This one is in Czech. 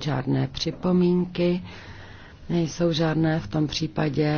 mít žádné připomínky, nejsou žádné v tom případě.